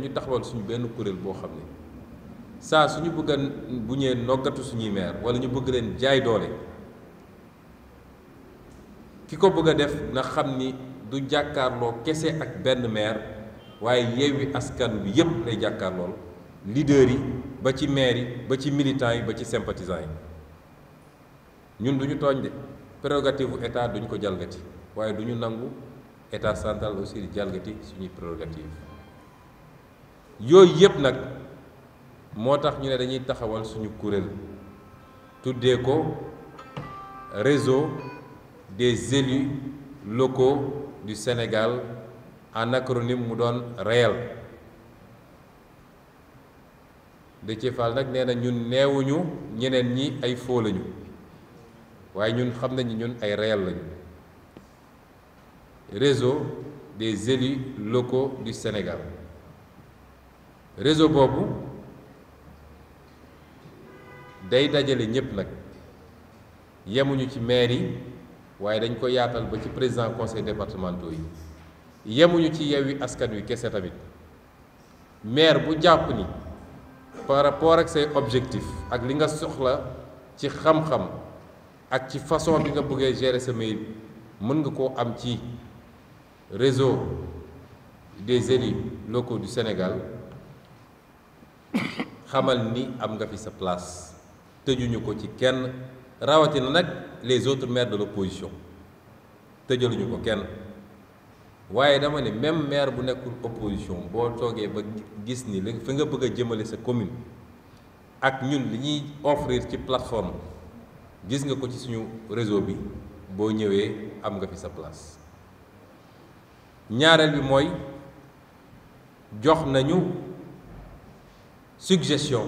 dañu taxawal suñu benn kurel bo xamni sa suñu bëgg bu ñee noggatu suñu mère wala ñu bëgg leen jaay doole kiko bëgg def na xamni du jakarlo kessé ak benn mère waye yewi Askan bi yépp lay jàkkaarlool leader yi ba ci maire yi ba ci militant yi ba ci sympathisant yi ñun duñu togn de prérogative état duñ ko jalgati waye duñu nangu état central aussi di jalgati suñu prérogative yooyu yëpp nag moo tax ñu ne dañuy taxawal suñu kuréel tuddee ko réseau des élus locaux du Sénégal en acronyme mu doon réel Déthié Fall nag nee na ñun neewuñu ñeneen ñi ay faux lañu waaye ñun xam nañu ñun ay réel lañu réseau des élus locaux du Sénégal réseau bobu day dajale ñëpp nak yemuñu ci maire yi waye dañ ko yaatal ba ci président conseil départemental yi yemuñu ci Yewwi Askan Wi kessé tamit maire bu japp ni par rapport ak say objectifs ak li nga soxla ci xam-xam ak ci façon bi nga bëggé gérer sa mairie mën nga ko am ci réseau des élus locaux du Sénégal xamal ni am sa place ko les autres maires de l'opposition tëjaluñu ko kenn waye dama même maire bu nekul opposition Bo togué ba gis ni fi nga commune ak ñun offrir ci plateforme gis nga ko ci suñu réseau bi sa place ñaaral bi moy jox suggestion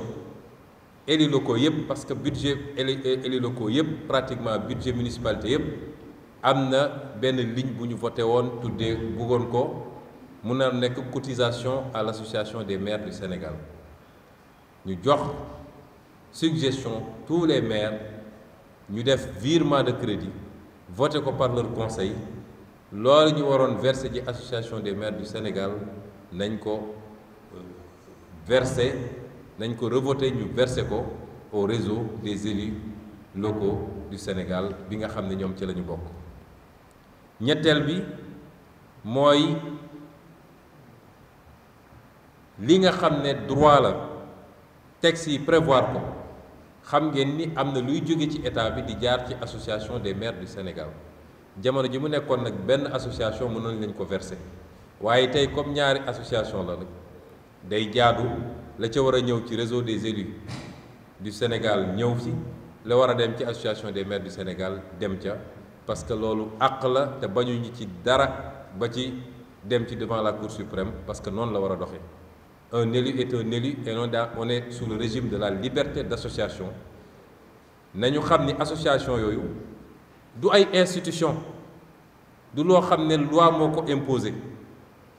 élus locaux parce que budget élus est pratiquement pratiquement budget municipalité il amna ben ligne bu ñu voté woon tuddee cotisation à l'association des maires du Sénégal ñu jox suggestion tous les maires ñu def virement de crédit voté ko par leur conseil loolu ñu waroon verser à association des maires du Sénégal verser nous ko au réseau des élus locaux du Sénégal bi nga ci nous Nous li nga droit la prévoir ko xam ngeen ni am luy ci état bi di association des maires du Sénégal jamono ji mu association lañ ko verser comme ñaari association la day jaadu la ci wara réseau des élus du Sénégal ñëw ci la association des maires du Sénégal parce que lolu àq la dara ba devant la Cour suprême parce que non, la un élu est un élu et on est sous le régime de la liberté d'association nañu xamni que association yoyu du ay institution du loi moko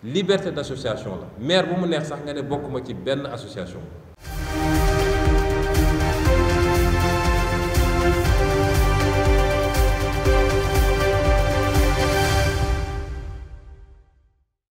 liberté d'association mais la maire bu mu neex sax nga ne ci association